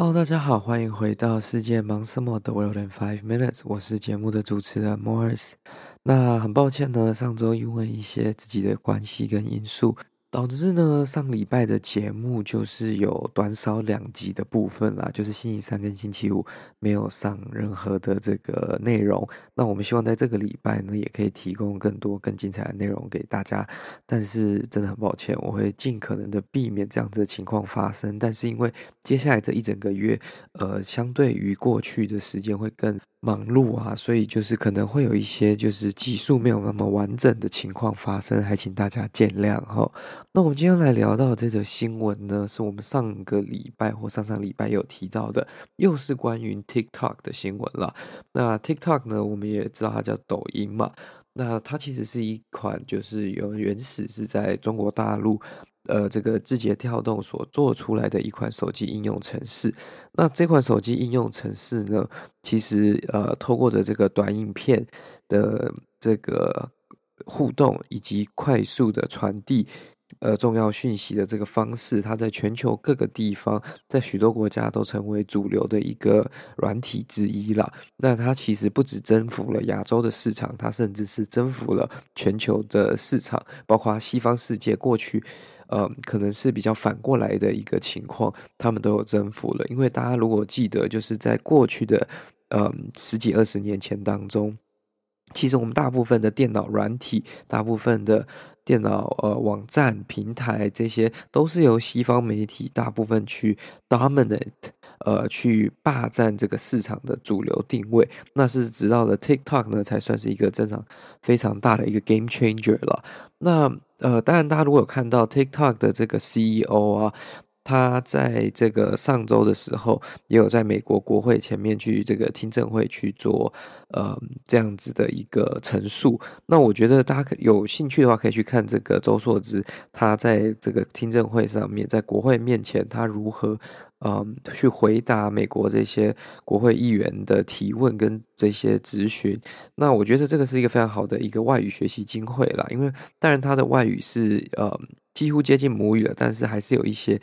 Hello，大家好，歡迎回到世界忙什麼的 World in Five Minutes，我是節目的主持人 Morris。那很抱歉呢，上周因為一些自己的關係跟因素。導致呢，上禮拜的節目就是有短少兩集的部分啦，就是星期三跟星期五沒有上任何的這個內容。那我們希望在這個禮拜呢，也可以提供更多更精彩的內容給大家。但是真的很抱歉，我會盡可能的避免這樣子的情況發生。但是因為接下來這一整個月，呃，相對於過去的時間會更。忙碌啊，所以就是可能會有一些就是技術沒有那麼完整的情況發生，還請大家見諒哈。那我們今天來聊到的這則新聞呢，是我們上個禮拜或上上禮拜有提到的，又是關於 TikTok 的新聞了。那 TikTok 呢，我們也知道它叫抖音嘛。那它其實是一款，就是由原始是在中國大陸。呃，這個字節跳動所做出來的一款手機應用程式，那這款手機應用程式呢，其實呃，透過的這個短影片的這個互動以及快速的傳遞呃重要訊息的這個方式，它在全球各個地方，在許多國家都成為主流的一個軟體之一了。那它其實不只征服了亞洲的市場，它甚至是征服了全球的市場，包括西方世界過去。嗯、呃，可能是比較反過來的一個情況，他們都有征服了。因為大家如果記得，就是在過去的嗯、呃、十幾二十年前當中，其實我們大部分的電腦軟體、大部分的電腦呃網站平台，這些都是由西方媒體大部分去 dominate，呃，去霸佔這個市場的主流定位。那是直到了 TikTok 呢，才算是一個增長非常大的一個 game changer 了。那呃，當然，大家如果有看到 TikTok 的這個 CEO 啊，他在這個上周的時候，也有在美國國會前面去這個聽證會去做呃這樣子的一個陳述。那我覺得大家可有興趣的話，可以去看這個周受資，他在這個聽證會上面，在國會面前，他如何。嗯，去回答美國這些國會議員的提問跟這些質詢，那我覺得這個是一個非常好的一個外語學習機會啦，因為當然他的外語是呃、嗯、幾乎接近母語了，但是還是有一些。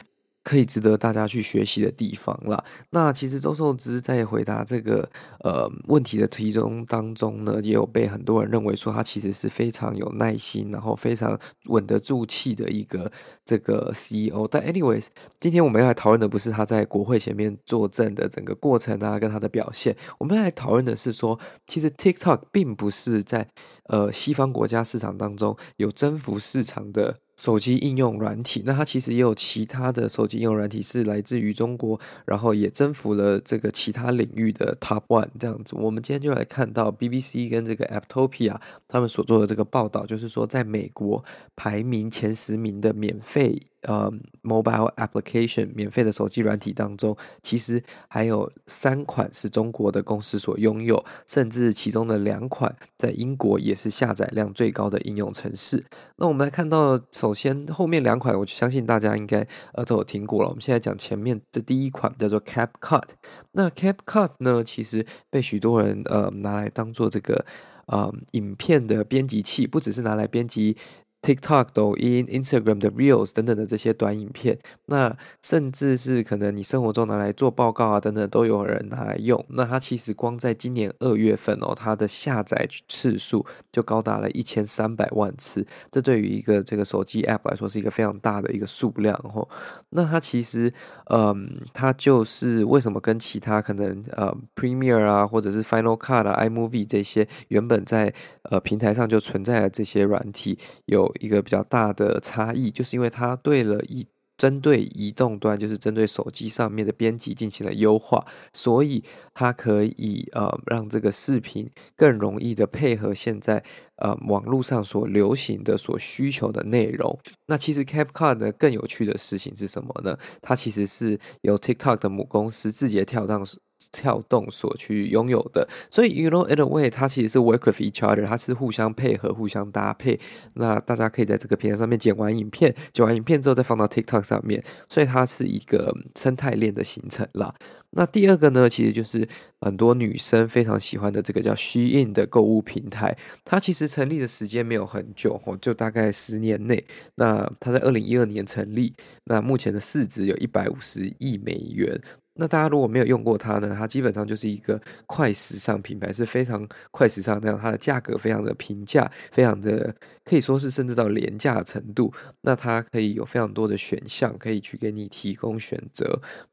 可以值得大家去學習的地方啦。那其實周受資在回答這個呃問題的題中當中呢，也有被很多人認為說他其實是非常有耐心，然後非常穩得住氣的一個這個 CEO。但 anyways，今天我們要來討論的不是他在國會前面作證的整個過程啊，跟他的表現。我們要來討論的是說，其實 TikTok 並不是在呃西方國家市場當中有征服市場的。手機應用軟體，那它其實也有其他的手機應用軟體是來自於中國，然後也征服了這個其他領域的 Top One 這樣子。我們今天就來看到 BBC 跟這個 Apptopia 他們所做的這個報道，就是說在美國排名前十名的免費。呃，嗯，mobile application 免費的手機軟體當中，其實還有三款是中國的公司所擁有，甚至其中的兩款在英國也是下載量最高的應用程式。那我們來看到，首先後面兩款，我相信大家應該呃都有聽過了。我們現在講前面的第一款叫做 CapCut，那 CapCut 呢，其實被許多人呃拿來當做這個呃影片的編輯器，不只是拿來編輯。TikTok、抖音、Instagram 的 Reels 等等的這些短影片，那甚至是可能你生活中拿來做報告啊等等，都有人拿來用。那它其實光在今年二月份哦，它的下載次數就高達了一千三百萬次。這對於一個這個手機 App 來說，是一個非常大的一個數量哦。吼，那它其實，嗯，它就是為什麼跟其他可能呃、嗯、Premiere 啊，或者是 Final Cut 啊、iMovie 這些原本在呃平台上就存在的這些軟體有有一個比較大的差異，就是因為它對了一針對移動端，就是針對手機上面的編輯進行了優化，所以它可以呃讓這個視頻更容易的配合現在呃網絡上所流行的所需求的內容。那其實 CapCut 的更有趣的事情是什麼呢？它其實是由 TikTok 的母公司字節跳動。跳動所去擁有的，所以，You know，anyway，它其實是 work with each other，它是互相配合、互相搭配。那大家可以在這個平台上面剪完影片，剪完影片之後再放到 TikTok 上面，所以它是一個生態鏈的形成啦。那第二個呢，其實就是很多女生非常喜歡的這個叫 Shein 的購物平台，它其實成立的時間沒有很久，就大概十年內。那它在二零一二年成立，那目前的市值有一百五十億美元。那大家如果沒有用過它呢？它基本上就是一個快時尚品牌，是非常快時尚那樣，它的價格非常的平價，非常的可以說是甚至到廉價程度。那它可以有非常多的選項，可以去給你提供選擇。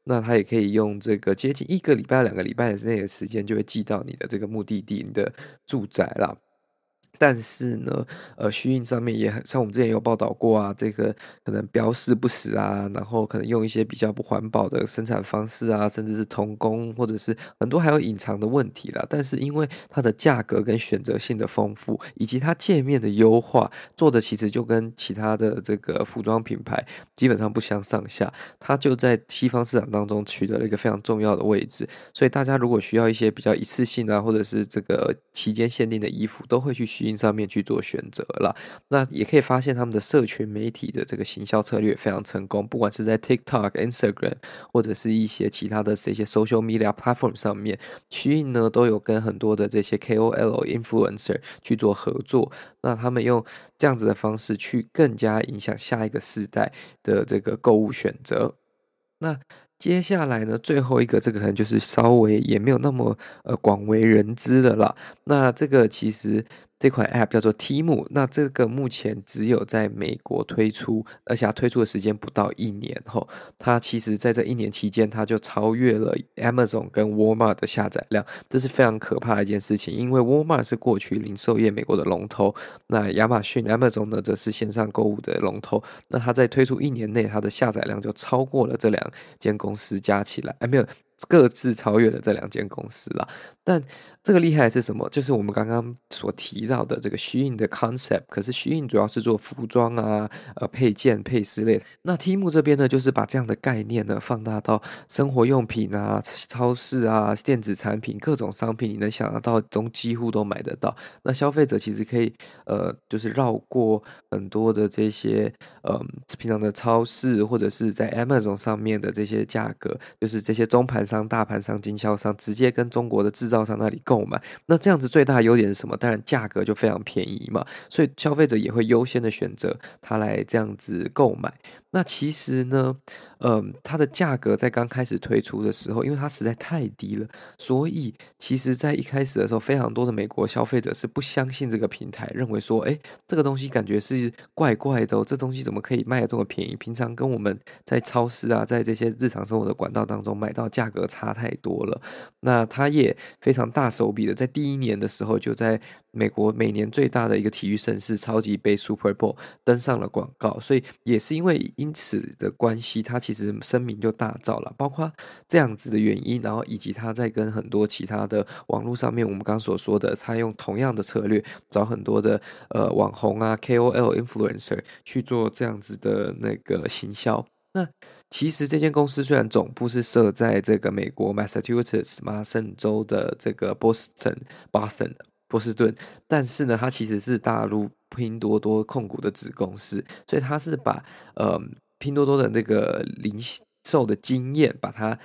那它也可以用這個接近一個禮拜、兩個禮拜之內的時間，就會寄到你的這個目的地，你的住宅啦。但是呢，呃，SHEIN 上面也很像我們之前有報道過啊，這個可能標示不實啊，然後可能用一些比較不環保的生產方式啊，甚至是童工或者是很多還有隱藏的問題啦。但是因為它的價格跟選擇性的豐富，以及它界面的優化做的其實就跟其他的這個服裝品牌基本上不相上下，它就在西方市場當中取得了一個非常重要的位置。所以大家如果需要一些比較一次性啊，或者是這個期間限定的衣服，都會去。上面去做選擇了，那也可以發現他們的社群媒體的這個行銷策略非常成功，不管是在 TikTok、Instagram，或者是一些其他的這些 social media platform 上面，屈呢都有跟很多的這些 KOL influencer 去做合作，那他們用這樣子的方式去更加影響下一個世代的這個購物選擇。那接下來呢，最後一個這個可能就是稍微也沒有那麼呃廣為人知的了啦，那這個其實。這款 App 叫做 Temu，那這個目前只有在美國推出，而且它推出的時間不到一年後，它其實，在這一年期間，它就超越了 Amazon 跟 Walmart 的下載量。這是非常可怕的一件事情，因為 Walmart 是過去零售業美國的龍頭，那亞馬遜 Amazon 呢，則是線上購物的龍頭。那它在推出一年內，它的下載量就超過了這兩間公司加起來。哎、沒有。各自超越了這兩間公司啦，但這個厲害是什麼？就是我們剛剛所提到的這個 SHEIN 的 concept。可是 SHEIN 主要是做服裝啊、呃配件、配飾類。那 Temu 這邊呢，就是把這樣的概念呢放大到生活用品啊、超市啊、電子產品、各種商品，你能想得到都幾乎都買得到。那消費者其實可以呃，就是繞過很多的這些呃平常的超市或者是在 Amazon 上面的這些價格，就是這些中盤。商、大盤商、經銷商直接跟中國的製造商那裡購買，那這樣子最大的優點是什麼？當然價格就非常便宜嘛，所以消費者也會優先的選擇它來這樣子購買，那其實呢，嗯，它的價格在剛開始推出的時候，因為它實在太低了，所以其實，在一開始的時候，非常多的美國消費者是不相信這個平台，認為說，誒，這個東西感覺是怪怪的哦，這東西怎麼可以賣得這麼便宜？平常跟我們在超市啊，在這些日常生活的管道，當中買到價差太多了，那他也非常大手筆的，在第一年的時候就在美國每年最大的一個體育盛事超級盃 Super Bowl 登上了廣告，所以也是因為因此的關係，他其實聲名就大噪了。包括這樣子的原因，然後以及他在跟很多其他的網絡上面，我們剛所說的，他用同樣的策略找很多的呃網紅啊 KOL influencer 去做這樣子的那個行銷。那其實這間公司雖然總部是設在這個美國 Massachusetts 麻省州的這個 Boston 巴森、波士頓，但是呢，它其實是大陸拼多多控股的子公司，所以它是把呃拼多多的那個零售的經驗，把它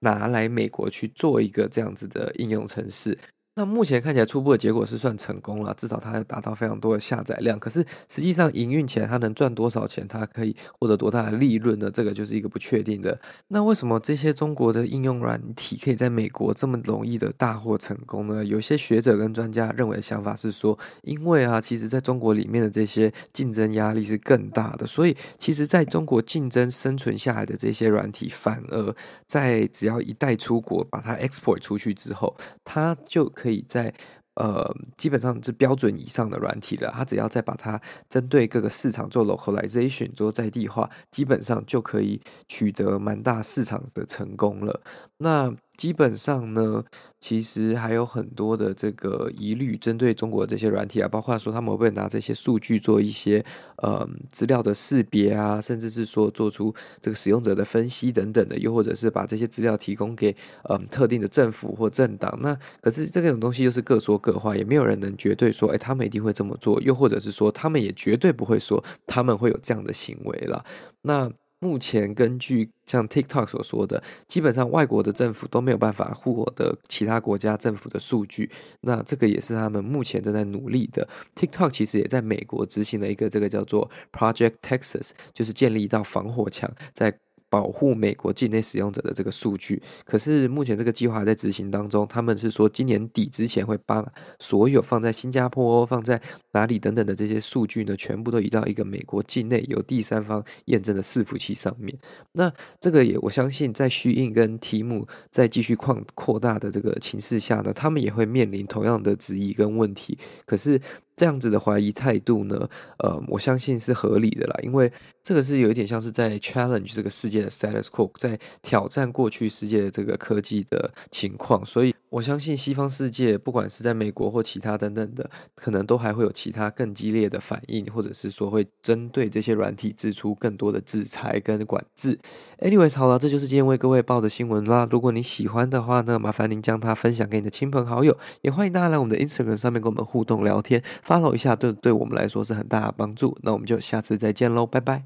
拿來美國去做一個這樣子的應用程式。那目前看起來初步的結果是算成功了，至少它要達到非常多的下載量。可是實際上營運起來它能賺多少錢，它可以獲得多大的利潤呢？這個就是一個不確定的。那為什麼這些中國的應用軟體可以在美國這麼容易的大獲成功呢？有些學者跟專家認為的想法是說，因為啊，其實在中國裡面的這些競爭壓力是更大的，所以其實在中國競爭生存下來的這些軟體，反而在只要一旦出國把它 export 出去之後，它就。可以在，呃，基本上是標準以上的軟體了。它只要再把它針對各個市場做 localization，做在地化，基本上就可以取得蠻大市場的成功了。那基本上呢，其實還有很多的這個疑慮，針對中國的這些軟體啊，包括說他們會不會拿這些數據做一些嗯資料的識別啊，甚至是說做出這個使用者的分析等等的，又或者是把這些資料提供給嗯特定的政府或政黨。那可是這個種東西就是各說各話，也沒有人能絕對說，欸，他們一定會這麼做，又或者是說他們也絕對不會說他們會有這樣的行為了。那。目前根據像 TikTok 所說的，基本上外國的政府都沒有辦法獲得其他國家政府的數據，那這個也是他們目前正在努力的。TikTok 其實也在美國執行了一個這個叫做 Project Texas，就是建立一道防火牆在。保護美國境內使用者的這個數據，可是目前這個計劃在執行當中，他們是說今年底之前會把所有放在新加坡、放在哪裡等等的這些數據呢，全部都移到一個美國境內由第三方驗證的伺服器上面。那這個也我相信，在 SHEIN 跟 Temu 在繼續擴擴大的這個情勢下呢，他們也會面臨同樣的質疑跟問題。可是。這樣子的懷疑態度呢，呃，我相信是合理的啦，因為這個是有一點像是在 challenge 這個世界的 status quo，在挑戰過去世界的這個科技的情況，所以我相信西方世界，不管是在美國或其他等等的，可能都還會有其他更激烈的反應，或者是說會針對這些軟體支出更多的制裁跟管制。Anyways，好了，這就是今天為各位報的新聞啦。如果你喜歡的話呢，麻煩您將它分享給你的親朋好友，也歡迎大家來我們的 Instagram 上面跟我們互動聊天。follow 一下，對對我們來說是很大的幫助。那我們就下次再見嘍，拜拜。